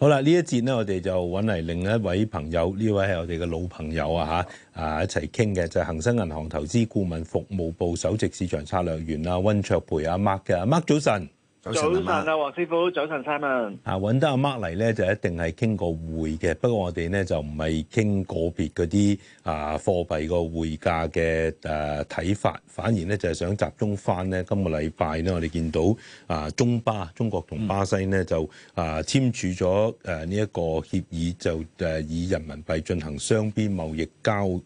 好啦，呢一節咧，我哋就揾嚟另一位朋友，呢位係我哋嘅老朋友啊嚇，啊一齊傾嘅就係、是、恒生銀行投資顧問服務部首席市場策略員啊，溫灼培啊 Mark，Mark 早晨。早晨啊，黃師傅，早晨 Simon 啊，揾得阿 Mark 嚟咧，就一定係傾個會嘅。不過我哋咧就唔係傾個別啲啊貨幣個匯價嘅誒睇法，反而咧就係想集中翻咧今個禮拜咧，我哋見到啊中巴中國同巴西咧就啊簽署咗誒呢一個協議，就誒以人民幣進行雙邊貿易交誒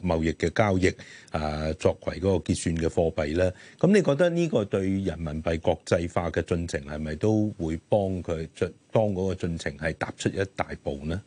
貿易嘅交易啊作為個結算嘅貨幣咧。咁你覺得呢個對人民幣國際化嘅進程係咪都會幫佢進當嗰個進程係踏出一大步呢？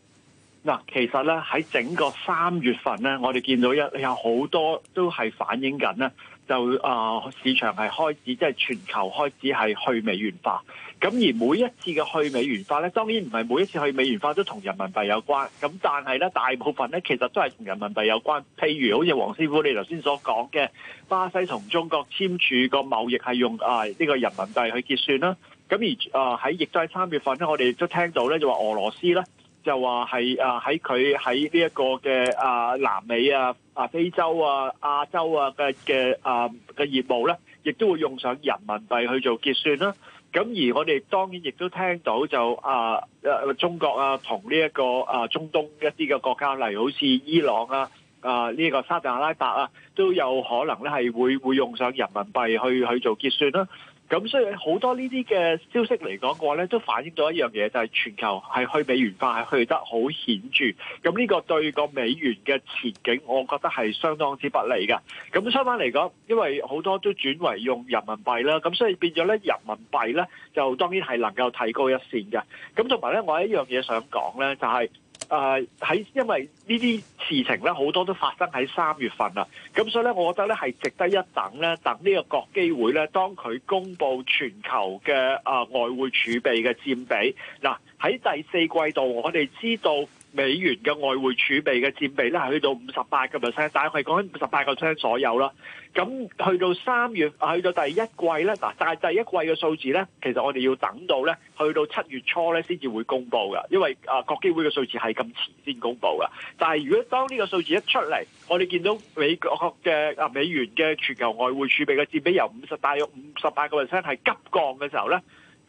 嗱，其實咧喺整個三月份咧，我哋見到一有好多都係反映緊咧。就啊、呃，市場係開始即係、就是、全球開始係去美元化，咁而每一次嘅去美元化咧，當然唔係每一次去美元化都同人民幣有關，咁但係咧，大部分咧其實都係同人民幣有關。譬如好似黃師傅你頭先所講嘅，巴西同中國簽署個貿易係用啊呢、這個人民幣去結算啦。咁而啊喺、呃、亦都喺三月份咧，我哋亦都聽到咧就話俄羅斯咧。就話係啊喺佢喺呢一個嘅啊南美啊啊非洲啊亞洲啊嘅嘅啊嘅業務咧，亦都會用上人民幣去做結算啦。咁而我哋當然亦都聽到就啊誒中國啊同呢一個啊中東一啲嘅國家，例如好似伊朗啊啊呢個沙特阿拉伯啊，都有可能咧係會會用上人民幣去去做結算啦。咁所以好多呢啲嘅消息嚟講嘅話咧，都反映到一樣嘢，就係全球係去美元化係去得好顯著。咁呢個對個美元嘅前景，我覺得係相當之不利㗎。咁相反嚟講，因為好多都轉為用人民幣啦，咁所以變咗咧人民幣咧就當然係能夠睇高一線㗎。咁同埋咧，我有一樣嘢想講咧，就係。誒喺、呃、因為呢啲事情咧，好多都發生喺三月份啦，咁所以咧，我覺得咧係值得一等咧，等呢個國基會咧，當佢公布全球嘅誒、呃、外匯儲備嘅佔比，嗱喺第四季度，我哋知道。美元嘅外匯儲備嘅佔比咧，係去到五十八個 percent，大約係講緊五十八個 percent 左右啦。咁去到三月，去到第一季咧，嗱，但係第一季嘅數字咧，其實我哋要等到咧，去到七月初咧先至會公布嘅，因為啊，國基會嘅數字係咁遲先公布嘅。但係如果當呢個數字一出嚟，我哋見到美國嘅啊美元嘅全球外匯儲備嘅佔比由五十八大約五十八個 percent 係急降嘅時候咧。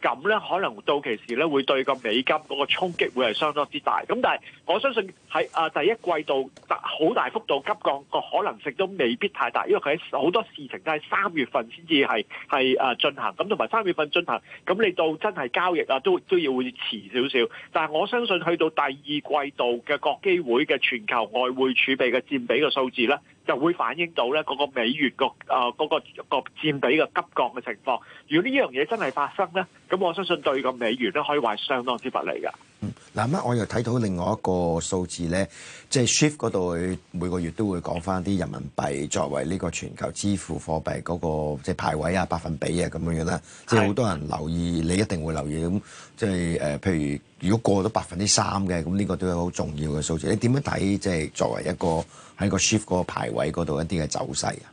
咁咧，可能到期時咧，會對個美金嗰個衝擊會係相當之大。咁但係我相信喺啊第一季度好大幅度急降個可能性都未必太大，因為佢喺好多事情都係三月份先至係係啊進行。咁同埋三月份進行，咁你到真係交易啊都都要會遲少少。但係我相信去到第二季度嘅國基會嘅全球外匯儲備嘅佔比嘅數字咧。就會反映到咧嗰個美元個啊嗰個個佔比嘅急降嘅情況。如果呢樣嘢真係發生咧，咁我相信對個美元咧可以話係相當之不利㗎。嗱咁，我又睇到另外一個數字咧，即係 shift 嗰度每個月都會講翻啲人民幣作為呢個全球支付貨幣嗰個即係排位啊、百分比啊咁樣樣啦。即係好多人留意，你一定會留意咁，即係誒，譬如如果過咗百分之三嘅，咁呢個都係好重要嘅數字。你點樣睇即係作為一個喺個 shift 嗰個排位嗰度一啲嘅走勢啊？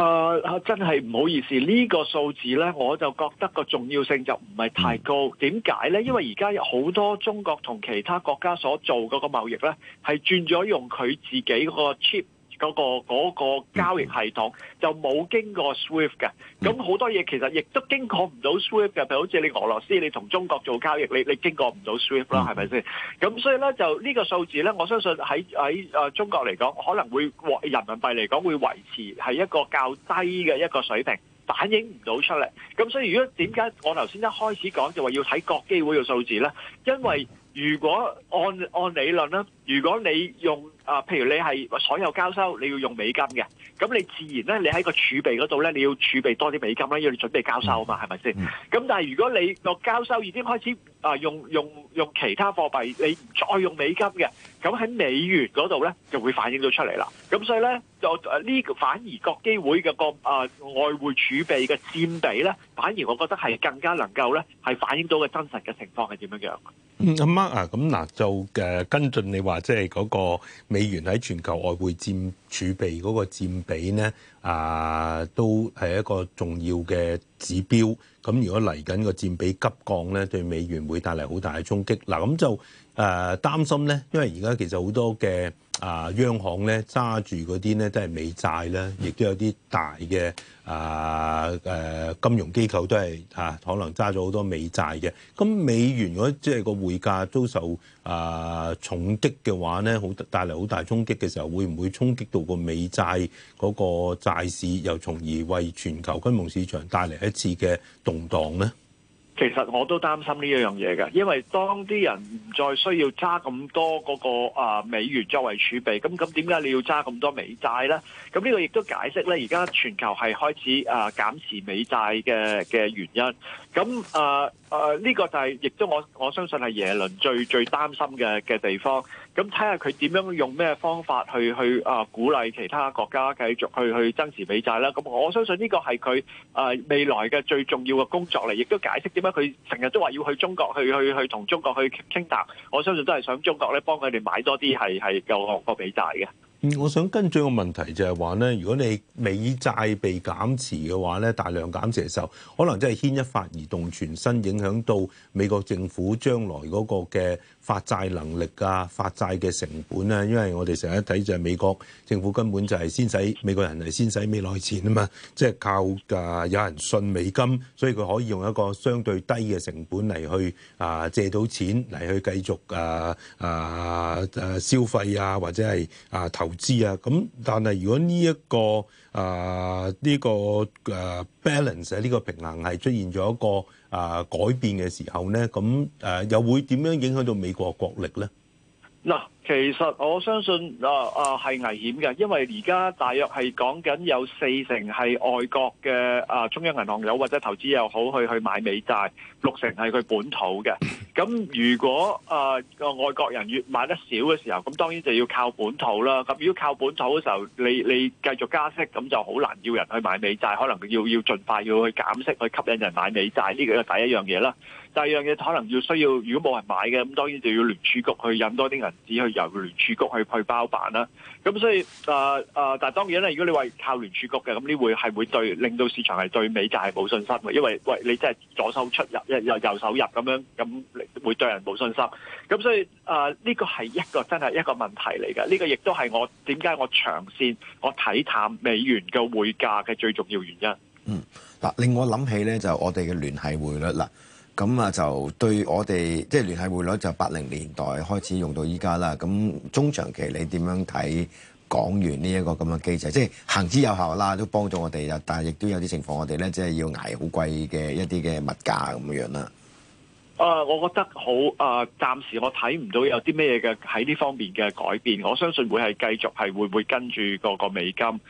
啊！Uh, 真係唔好意思，呢個數字呢，我就覺得個重要性就唔係太高。點解呢？因為而家有好多中國同其他國家所做嗰個貿易呢，係轉咗用佢自己嗰個 cheap 嗰個嗰個交易系統就冇經過 SWIFT 嘅，咁好多嘢其實亦都經過唔到 SWIFT 嘅，譬如好似你俄羅斯你同中國做交易，你你經過唔到 SWIFT 啦，係咪先？咁所以咧就呢個數字咧，我相信喺喺誒中國嚟講，可能會人民幣嚟講會維持喺一個較低嘅一個水平，反映唔到出嚟。咁所以如果點解我頭先一開始講就話要睇國基會嘅數字咧？因為如果按按理論咧，如果你用啊、呃，譬如你係所有交收你要用美金嘅，咁你自然咧，你喺個儲備嗰度咧，你要儲備多啲美金啦，要你準備交收啊嘛，係咪先？咁、嗯、但係如果你個交收已經開始啊、呃，用用用其他貨幣，你唔再用美金嘅，咁喺美元嗰度咧就會反映到出嚟啦。咁所以咧。就誒呢個反而各機會嘅個誒外匯儲備嘅佔比咧，反而我覺得係更加能夠咧係反映到個真實嘅情況係點樣樣。咁、嗯、啊，咁、啊、嗱就誒、呃、跟進你話即係嗰個美元喺全球外匯佔儲備嗰個佔比咧，啊、呃、都係一個重要嘅指標。咁如果嚟緊個佔比急降咧，對美元會帶嚟好大嘅衝擊。嗱、啊，咁就誒、呃、擔心咧，因為而家其實好多嘅。啊，央行咧揸住嗰啲咧都係美債咧，亦都有啲大嘅啊誒、啊、金融機構都係啊，可能揸咗好多美債嘅。咁美元如果即係個匯價遭受啊重擊嘅話咧，好帶嚟好大衝擊嘅時候，會唔會衝擊到個美債嗰個債市，又從而為全球金融市場帶嚟一次嘅動盪咧？其實我都擔心呢一樣嘢嘅，因為當啲人唔再需要揸咁多嗰個啊美元作為儲備，咁咁點解你要揸咁多美債咧？咁呢個亦都解釋咧，而家全球係開始啊減持美債嘅嘅原因。咁、嗯、啊啊呢、這個就係亦都我我相信係耶倫最最擔心嘅嘅地方。咁睇下佢點樣用咩方法去去啊、呃、鼓勵其他國家繼續去去增持美債啦。咁、啊嗯、我相信呢個係佢啊未來嘅最重要嘅工作嚟，亦都解釋點解佢成日都話要去中國去去去同中國去傾談，談。我相信都係想中國咧幫佢哋買多啲係係嘅外國美債嘅。我想跟進個問題就係話咧，如果你美債被減持嘅話咧，大量減持嘅時候可能真係牽一發而動全身，影響到美國政府將來嗰個嘅發債能力啊、發債嘅成本啊。因為我哋成日睇就係美國政府根本就係先使美國人係先使未來錢啊嘛，即係靠啊有人信美金，所以佢可以用一個相對低嘅成本嚟去啊借到錢嚟去繼續啊啊啊消費啊，或者係啊投。知啊，咁但係如果呢一個啊呢個誒 balance 喺呢個平衡係出現咗一個啊改變嘅時候咧，咁誒又會點樣影響到美國嘅國力咧？嗱。其實我相信啊啊係危險嘅，因為而家大約係講緊有四成係外國嘅啊中央銀行有或者投資又好去去買美債，六成係佢本土嘅。咁如果啊個外國人越買得少嘅時候，咁當然就要靠本土啦。咁如果靠本土嘅時候，你你繼續加息，咁就好難要人去買美債，可能要要盡快要去減息去吸引人買美債呢、呢個就第一樣嘢啦。第二樣嘢可能要需要，如果冇人買嘅，咁當然就要聯儲局去印多啲銀紙去。由聯儲局去去包辦啦，咁所以誒誒、呃呃，但係當然啦，如果你話靠聯儲局嘅，咁呢會係會對令到市場係對美債係冇信心嘅，因為喂，你真係左手出入又又右手入咁樣，咁會對人冇信心。咁所以誒，呢、呃呢個係一個真係一個問題嚟嘅。呢、呢個亦都係我點解我長線我睇淡美元嘅匯價嘅最重要原因。嗯，嗱，令、就是、我諗起咧就我哋嘅聯繫匯率嗱。咁啊，就對我哋即係聯繫匯率就八零年代開始用到依家啦。咁中長期你點樣睇港元呢一個咁嘅機制？即係行之有效啦，都幫助我哋啊。但係亦都有啲情況我呢，我哋咧即係要捱好貴嘅一啲嘅物價咁嘅樣啦。誒，uh, 我覺得好誒，uh, 暫時我睇唔到有啲咩嘅喺呢方面嘅改變。我相信會係繼續係會唔會跟住嗰個美金。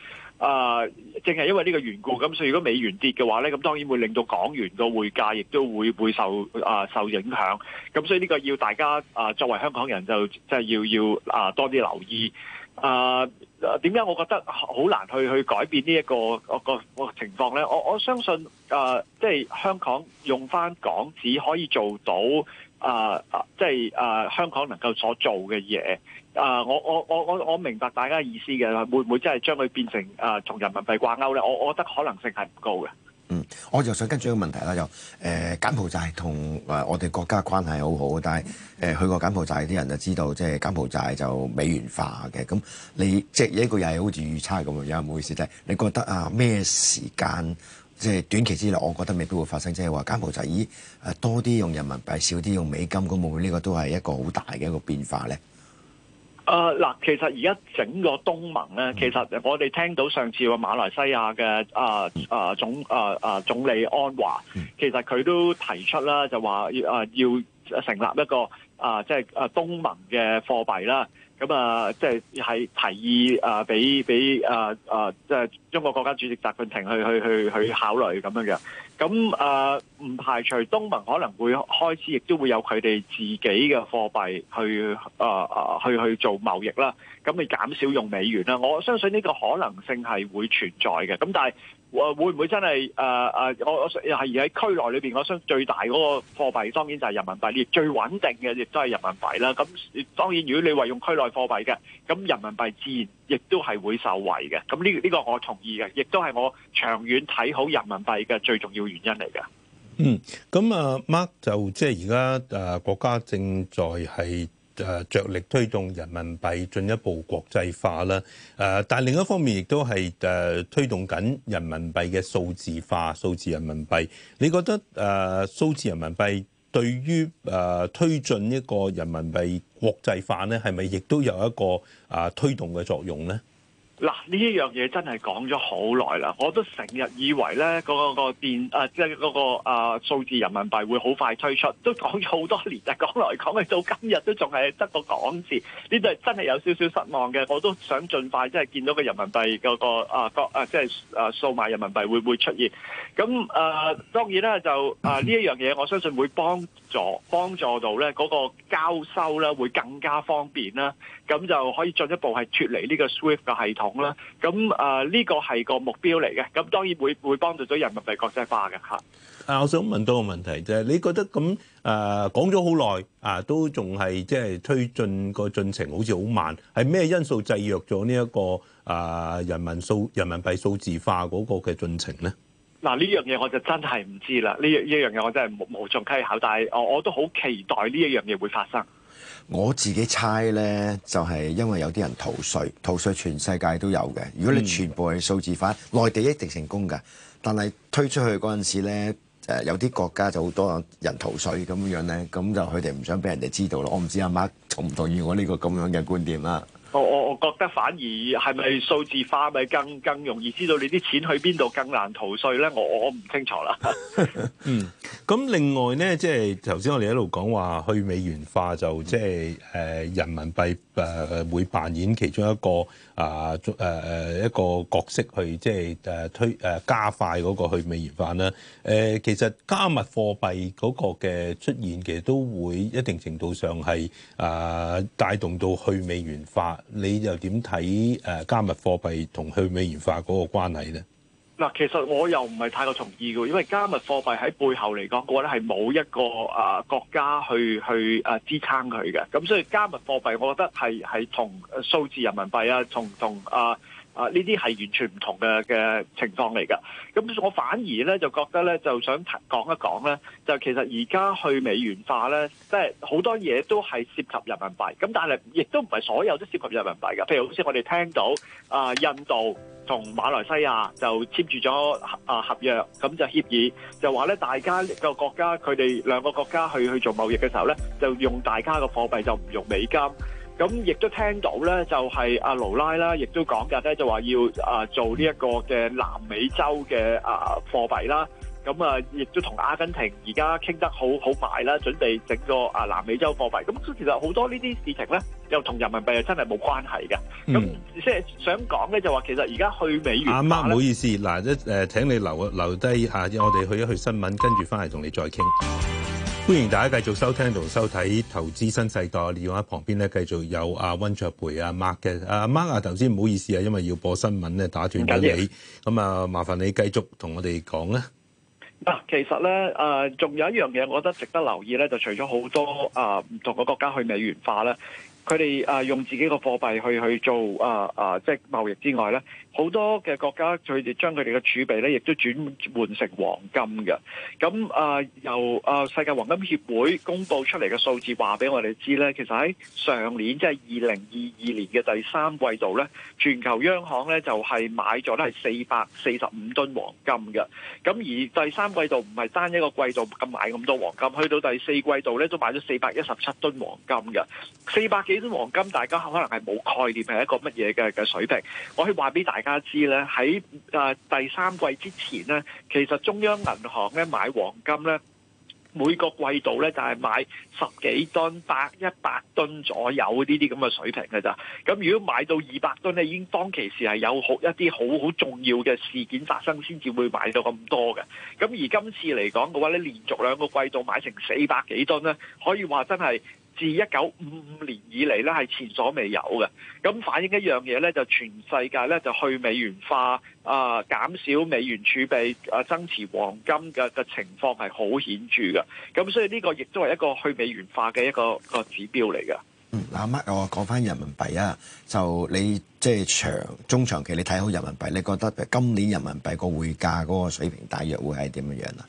啊、呃，正係因為呢個緣故，咁所以如果美元跌嘅話咧，咁當然會令到港元嘅匯價亦都會會受啊、呃、受影響。咁所以呢個要大家啊、呃、作為香港人就即係、就是、要要啊、呃、多啲留意啊點解我覺得好難去去改變呢、這、一個、呃、個,個情況咧？我我相信啊，即、呃、係、就是、香港用返港紙可以做到啊即係啊香港能夠所做嘅嘢。啊！我我我我我明白大家意思嘅，會唔會真係將佢變成啊、呃，從人民幣掛鈎咧？我我覺得可能性係唔高嘅。嗯，我就想跟住一個問題啦，就誒、呃、柬埔寨同誒我哋國家關係好好，但係誒、呃、去過柬埔寨啲人就知道，即係柬埔寨就美元化嘅。咁你即係呢個又係好似預測咁樣，唔好意思，即係你覺得啊，咩時間即係短期之內，我覺得未必會發生，即係話柬埔寨咦誒多啲用人民幣，少啲用美金咁，會呢個都係一個好大嘅一個變化咧？啊、呃、嗱，其實而家整個東盟咧，其實我哋聽到上次個馬來西亞嘅啊啊總啊啊、呃、總理安華，其實佢都提出啦，就話要啊、呃、要成立一個。啊，即係啊，東盟嘅貨幣啦，咁啊，即係係提議啊，俾俾啊啊，即係中國國家主席習近平去去去去考慮咁樣嘅，咁啊，唔排除東盟可能會開始，亦都會有佢哋自己嘅貨幣去啊去去做貿易啦，咁你減少用美元啦、啊。我相信呢個可能性係會存在嘅，咁啊但係。誒會唔會真係誒誒？我我係而喺區內裏邊我想最大嗰個貨幣，當然就係人民幣，亦最穩定嘅，亦都係人民幣啦。咁當然，如果你話用區內貨幣嘅，咁人民幣自然亦都係會受惠嘅。咁呢呢個我同意嘅，亦都係我長遠睇好人民幣嘅最重要原因嚟嘅。嗯，咁啊 Mark 就即係而家誒國家正在係。誒著力推動人民幣進一步國際化啦，誒但另一方面亦都係誒推動緊人民幣嘅數字化、數字人民幣。你覺得誒數字人民幣對於誒、呃、推進一個人民幣國際化咧，係咪亦都有一個誒、呃、推動嘅作用咧？嗱呢一樣嘢真係講咗好耐啦，我都成日以為咧嗰、嗰個電、啊即係嗰個即係嗰個啊數字人民幣會好快推出，都講咗好多年啦，講來講去到今日都仲係得個講字，呢度真係有少少失望嘅。我都想盡快即係見到個人民幣嗰、嗰個啊個啊即係、即係、啊數碼人民幣會唔會出現？咁誒、啊、當然啦，就啊呢一樣嘢我相信會幫助幫助到咧嗰、嗰個交收啦，會更加方便啦。咁就可以進一步係脫離呢個 SWIFT 嘅系統。啦，咁啊呢個係個目標嚟嘅，咁當然會會幫助到人民幣國際化嘅吓。啊，我想問多個問題啫，就係、你覺得咁啊講咗好耐啊，都仲係即係推進個進程，好似好慢，係咩因素制約咗呢一個啊、呃、人民幣人民幣數字化嗰個嘅進程咧？嗱呢、啊、樣嘢我就真係唔知啦，呢樣呢一樣嘢我真係無無從稽考，但係我我都好期待呢一樣嘢會發生。我自己猜呢，就係、是、因為有啲人逃稅，逃稅全世界都有嘅。如果你全部係數字化，內地一定成功嘅。但係推出去嗰陣時咧，誒有啲國家就好多人逃稅咁樣呢，咁就佢哋唔想俾人哋知道咯。我唔知阿媽同唔同意我呢個咁樣嘅觀點啦。我我我覺得反而係咪數字化咪更更容易知道你啲錢去邊度，更難逃稅咧？我我唔清楚啦。 嗯。咁另外咧，即係頭先我哋一路講話去美元化，就即係誒、呃、人民幣誒、呃、會扮演其中一個啊誒誒一個角色去即係誒推誒、呃、加快嗰個去美元化啦。誒、呃、其實加密貨幣嗰個嘅出現，其實都會一定程度上係啊、呃、帶動到去美元化。你又點睇誒加密貨幣同去美元化嗰個關係咧？嗱，其實我又唔係太過同意嘅，因為加密貨幣喺背後嚟講，我咧係冇一個啊、呃、國家去去啊支撐佢嘅，咁所以加密貨幣我覺得係係同數字人民幣啊，同同啊。啊！呢啲係完全唔同嘅嘅情況嚟㗎。咁我反而咧就覺得咧，就想講一講咧，就其實而家去美元化咧，即係好多嘢都係涉及人民幣。咁但係亦都唔係所有都涉及人民幣㗎。譬如好似我哋聽到啊，印度同馬來西亞就簽住咗啊合約，咁就協議就呢，就話咧大家個國家佢哋兩個國家去去做貿易嘅時候咧，就用大家嘅貨幣就唔用美金。咁亦都聽到咧，就係阿盧拉啦，亦都講㗎咧，就話要啊做呢一個嘅南美洲嘅啊貨幣啦。咁啊，亦都同阿根廷而家傾得好好埋啦，準備整個啊南美洲貨幣。咁其實好多呢啲事情咧，又同人民幣又真係冇關係嘅。咁即係想講咧，就話其實而家去美元。阿、啊、媽，唔好意思，嗱，即誒請你留留低下，我哋去一去新聞，跟住翻嚟同你再傾。歡迎大家繼續收聽同收睇《投資新世代》，我哋用喺旁邊咧繼續有阿、啊、温灼培阿 Mark 嘅阿 Mark 啊。頭先唔好意思啊，因為要播新聞咧打斷緊你咁啊謝，麻煩你繼續同我哋講啦。嗱、啊，其實咧誒，仲、呃、有一樣嘢，我覺得值得留意咧，就除咗好多啊唔、呃、同嘅國家去美元化啦，佢哋啊用自己嘅貨幣去去做啊啊、呃呃，即係貿易之外咧。好多嘅國家佢哋將佢哋嘅儲備咧，亦都轉換成黃金嘅。咁啊、呃，由啊世界黃金協會公布出嚟嘅數字話俾我哋知咧，其實喺上年即係二零二二年嘅第三季度咧，全球央行咧就係買咗咧係四百四十五噸黃金嘅。咁而第三季度唔係單一個季度咁買咁多黃金，去到第四季度咧都買咗四百一十七噸黃金嘅。四百幾噸黃金，大家可能係冇概念係一個乜嘢嘅嘅水平。我係話俾大家。大家知咧喺啊第三季之前咧，其實中央銀行咧買黃金咧，每個季度咧就係買十幾噸、百一百噸左右呢啲咁嘅水平嘅咋。咁如果買到二百噸咧，已經當其時係有好一啲好好重要嘅事件發生，先至會買到咁多嘅。咁而今次嚟講嘅話咧，連續兩個季度買成四百幾噸咧，可以話真係。自一九五五年以嚟咧，係前所未有嘅。咁反映一樣嘢咧，就全世界咧就去美元化啊，呃、減少美元儲備啊，增持黃金嘅嘅情況係好顯著嘅。咁所以呢個亦都係一個去美元化嘅一個一個指標嚟嘅。嗯，嗱，阿 Mark，我講翻人民幣啊，就你即係、就係、長中長期你睇好人民幣，你覺得今年人民幣個匯價嗰個水平，大約會係點樣樣啊？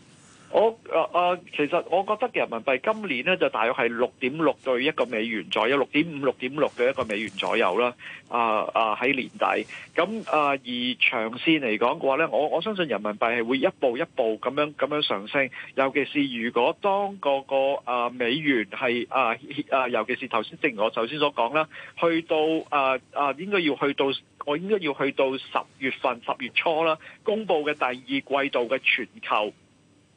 啊啊！Uh, 其實我覺得人民幣今年咧就大約係六點六對一個美元左右，六點五、六點六對一個美元左右啦。啊啊！喺年底咁啊，uh, 而長線嚟講嘅話咧，我我相信人民幣係會一步一步咁樣咁樣上升。尤其是如果當、嗰個個啊、uh, 美元係啊啊，uh, 尤其是頭先正如我頭先所講啦，去到啊啊、uh, 應該要去到我應該要去到十月份十月初啦，公佈嘅第二季度嘅全球。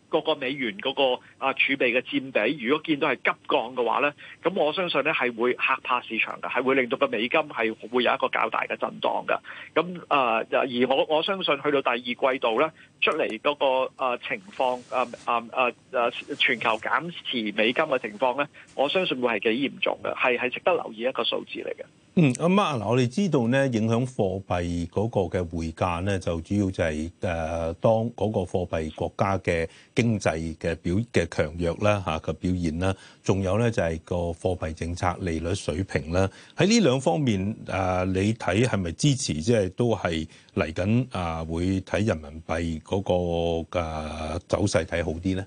個個美元嗰個啊儲備嘅佔比，如果見到係急降嘅話咧，咁我相信咧係會嚇怕市場嘅，係會令到個美金係會有一個較大嘅震盪嘅。咁啊，呃，而我我相信去到第二季度咧，出嚟嗰個情況啊啊啊啊，全球減持美金嘅情況咧，我相信會係幾嚴重嘅，係係值得留意一個數字嚟嘅。嗯，咁啊嗱、啊，我哋知道咧，影響貨幣嗰個嘅匯價咧，就主要就係、係、誒、啊、當嗰個貨幣國家嘅經濟嘅表嘅強弱啦嚇嘅表現啦，仲、啊啊啊啊啊啊、有咧就係個貨幣政策利率水平啦。喺、啊、呢兩方面啊，你睇係咪支持？即係都係嚟緊啊，會睇人民幣嗰個嘅走勢睇好啲咧。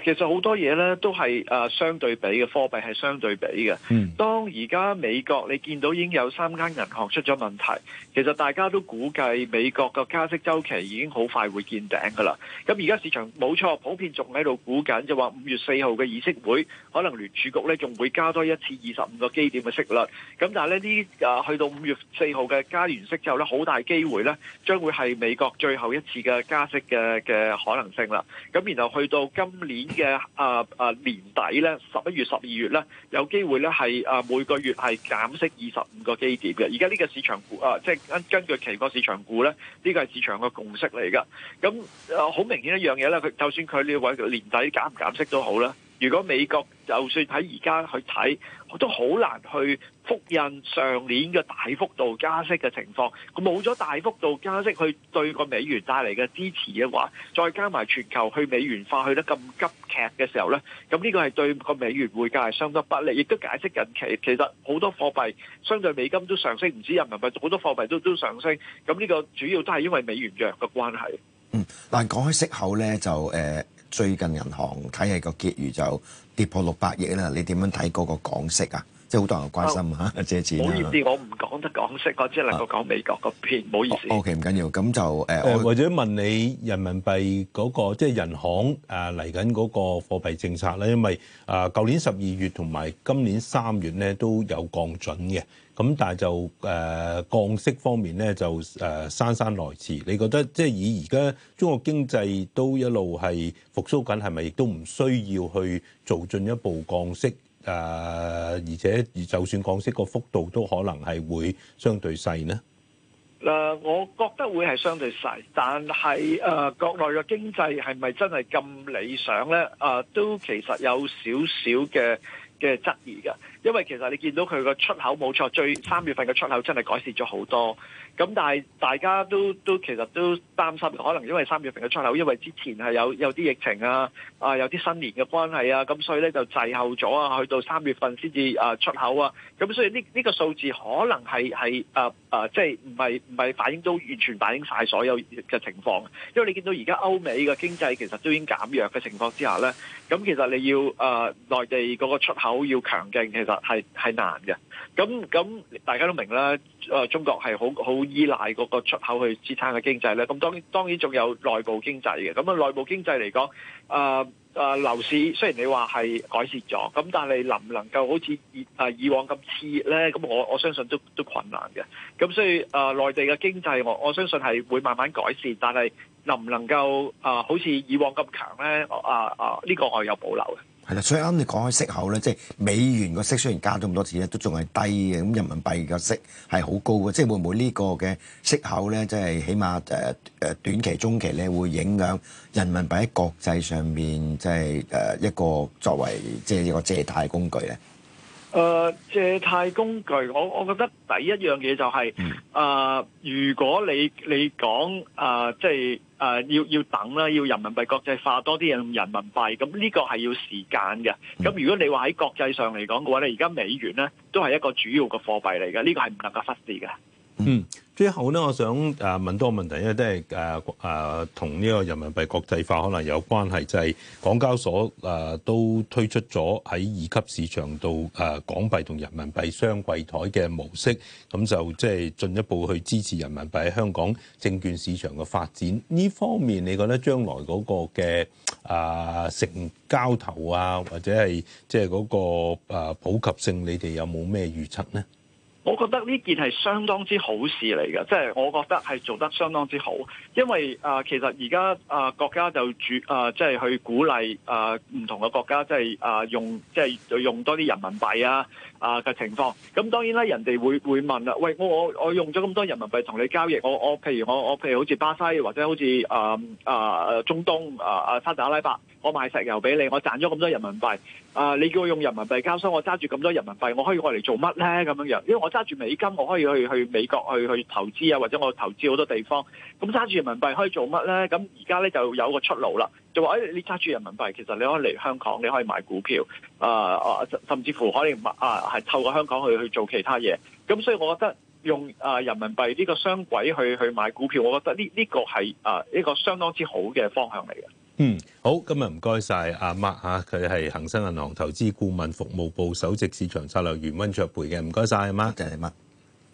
其實好多嘢咧都係誒相對比嘅，貨幣係相對比嘅。嗯、當而家美國你見到已經有三間銀行出咗問題，其實大家都估計美國嘅加息周期已經好快會見頂噶啦。咁而家市場冇錯，普遍仲喺度估緊，就話五月四號嘅議息會，可能聯儲局咧仲會加多一次二十五個基點嘅息率。咁但係咧呢誒去到五月四號嘅加完息之後咧，好大機會咧，將會係美國最後一次嘅加息嘅嘅可能性啦。咁然後去到今年。嘅，啊啊年底咧，十一月十二月咧，有機會咧係啊每個月係減息二十五個基點嘅，而家呢個市場股啊即係根根據期貨市場股咧，呢個係市場嘅共識嚟㗎，咁好明顯一樣嘢咧，佢就算佢呢位年底減唔減息都好啦。如果美國就算喺而家去睇，都好難去複印上年嘅大幅度加息嘅情況。咁冇咗大幅度加息，去對個美元帶嚟嘅支持嘅話，再加埋全球去美元化去得咁急劇嘅時候咧，咁呢個係對個美元匯價係相當不利，亦都解釋緊其實好多貨幣相對美金都上升，唔止人民幣，好多貨幣都都上升。咁呢個主要都係因為美元弱嘅關係。嗯，嗱，講開息口咧，就誒。呃最近銀行睇係個結餘就跌破六百億啦，你點樣睇嗰個港息啊？即係好多人關心嚇借錢。唔好意思，我唔講得港息，我只能夠講美國嗰邊。唔好意思。OK，唔緊要，咁就誒。誒，或者問你人民幣嗰個即係人行誒嚟緊嗰個貨幣政策咧，因為誒舊年十二月同埋今年三月咧都有降準嘅。咁但係就誒、呃、降息方面咧，就誒姍姍來遲。你覺得即係以而家中國經濟都一路係復甦緊，係咪亦都唔需要去做進一步降息？誒、呃？而且就算降息個幅度都可能係會相對細呢？誒、呃，我覺得會係相對細，但係誒、呃、國內嘅經濟係咪真係咁理想咧？誒、呃，都其實有少少嘅嘅質疑嘅。因為其實你見到佢個出口冇錯，最三月份嘅出口真係改善咗好多。咁但係大家都都其實都擔心，可能因為三月份嘅出口，因為之前係有有啲疫情啊，啊有啲新年嘅關係啊，咁所以咧就滯後咗啊，去到三月份先至啊出口啊。咁所以呢呢個數字可能係係啊啊，即係唔係唔係反映到完全反映晒所有嘅情況。因為你見到而家歐美嘅經濟其實都已經減弱嘅情況之下咧，咁其實你要啊、呃、內地嗰個出口要強勁，其實。係係難嘅，咁咁大家都明啦。誒、呃，中國係好好依賴嗰個出口去支撐嘅經濟咧。咁當當然仲有內部經濟嘅。咁啊，內部經濟嚟講，誒、呃、誒、樓、呃、市雖然你話係改善咗，咁但係能唔能夠好似以誒、啊、以往咁熾咧？咁我我相信都都困難嘅。咁所以誒內、呃、地嘅經濟，我我相信係會慢慢改善，但係能唔能夠誒好似以往咁強咧？啊、呃、啊、呢、呃這個我有保留嘅。係啦，所以啱你講開息口咧，即係美元個息雖然加咗咁多次咧，都仲係低嘅。咁人民幣個息係好高嘅，即係會唔會呢個嘅息口咧，即係起碼誒誒短期、中期咧，會影響人民幣喺國際上面，即係誒一個作為即係一個借貸工具咧？誒、呃，借貸工具，我我覺得第一樣嘢就係、是、啊、嗯呃，如果你你講啊、呃，即係。啊、uh，要要等啦，要人民幣國際化多啲用人民幣，咁呢個係要時間嘅。咁如果你話喺國際上嚟講嘅話咧，而家美元咧都係一個主要嘅貨幣嚟嘅，呢個係唔能夠忽視嘅。嗯，最後咧，我想誒問多個問題，因為都係誒同呢個人民幣國際化可能有關係，就係、是、港交所誒、呃、都推出咗喺二級市場度誒、呃、港幣同人民幣雙櫃台嘅模式，咁、嗯、就即係進一步去支持人民幣喺香港證券市場嘅發展。呢方面，你覺得將來嗰個嘅誒、呃、成交頭啊，或者係即係嗰個、呃、普及性，你哋有冇咩預測咧？我覺得呢件係相當之好事嚟嘅，即係我覺得係做得相當之好，因為啊，其實而家啊國家就主啊，即係去鼓勵啊唔同嘅國家，即係啊用即係就用多啲人民幣啊。啊嘅情況，咁當然啦，人哋會會問啦，喂，我我我用咗咁多人民幣同你交易，我我譬如我我譬如好似巴西或者好似啊啊啊中東啊啊沙特阿拉伯，我賣石油俾你，我賺咗咁多人民幣啊，你叫我用人民幣交收，我揸住咁多人民幣，我可以過嚟做乜咧咁樣樣？因為我揸住美金，我可以去去美國去去投資啊，或者我投資好多地方，咁揸住人民幣可以做乜咧？咁而家咧就有個出路啦。就話誒，你揸住人民幣，其實你可以嚟香港，你可以買股票，啊、呃、甚至乎可以買啊，係透過香港去去做其他嘢。咁所以，我覺得用啊人民幣呢個雙軌去去買股票，我覺得呢呢、呢個係啊一個相當之好嘅方向嚟嘅。嗯，好，今日唔該晒阿 Mark 吓，佢係恒生銀行投資顧問服務部首席市場策略員溫灼培嘅，唔該晒，阿 Mark。Mark